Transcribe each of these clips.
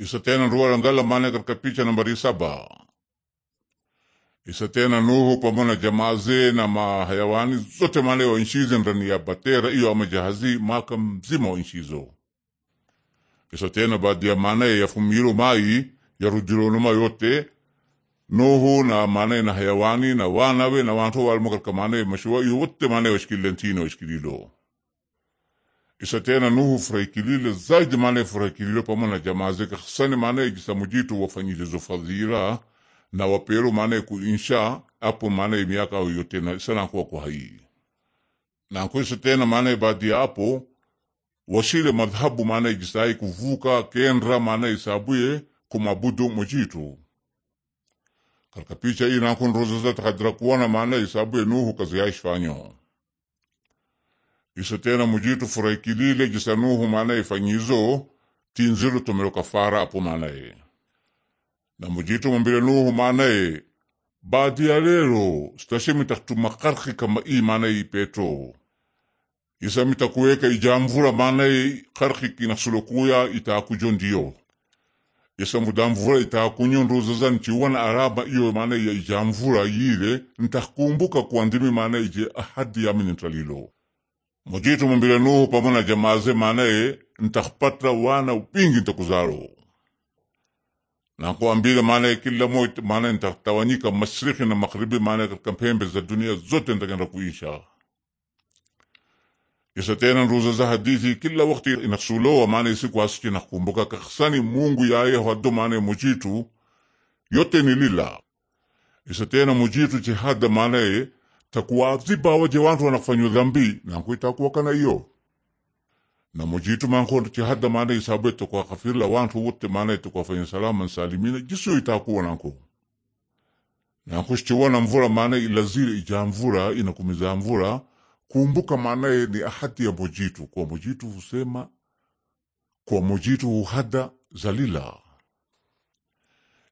isa tena rua langala mane katika picha nambari saba isa tena Nuhu pamoja na jamaa zake na mahayawani zote mane wanshize ndani ya batera iyo amajahazi maka mzima inshizo isa tena baada ya mane yafumiro mai numa yote Nuhu na mane na hayawani na wanawe na wantu walimo katika mane mashua iyo wote mane washikilentino washikililo isatena Nuhu furahikilile zaidi maana furahikilile pamoja na jamaa zake hasani maana igisa mujitu wafanyilizo fadhila na wapero maana kuinsha apo maana miaka hiyo tena sana kwa kwa hii na kuisa tena maana baada ya hapo wasile madhhabu maana igisa kuvuka kendra maana isabuye kumabudu mujitu katika picha hii na kunroza za takadra kuona maana isabuye Nuhu kazi yaishfanyo iso tena mujitu furai kilile jisanuhu manaye fanyizo tinziru tumelo kafara apo manaye na mujitu mambile nuhu manaye badi ya lero sitashe lelo sitashemitatumakarhi kama i manaye ipeto isamitakuweka ijamvura manaye karhi kinasulokuya itakujo ndiyo isamudamvura itakunyo nduzaza nchiwana araba iyo manaye ya ijamvura yile ntakumbuka kuandimi manaye je ahadi yamini ntalilo mujitu mumbile Nuhu pamoja na jamaa ze manaye ntakupata wana wingi ntakuzalo nakuambile maanaye kila moja maanaye ntakutawanyika mashariki na makribi maanaye katika pembe za dunia zote ntakenda kuisha isa tena nruza za hadithi kila wakati inasulowa maana siku asiki nakumbuka kaksani Mungu yaye hwado maana mujitu yote ni lila isa tena mujitu jihada maanaye takuwaziba waje wantu wanakfanyo dhambi nanku itakuwa kana iyo na mujitu mankondo chihada maana isabu takwa kafirla wantu wote maana takwa fanyo salama nsalimina jisu itakuwa nanku nanku shichiwana mvura maana ilaziri ija mvura inakumiza mvura kumbuka maanaye ni ahadi ya mujitu kwa mujitu husema kwa mujitu huhada zalila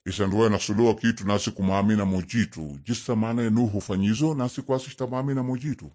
isanduwe nasuluwa kitu nasi kumamina mojitu jisa maana enuhu fanyizo nasi kwasi mamina mojitu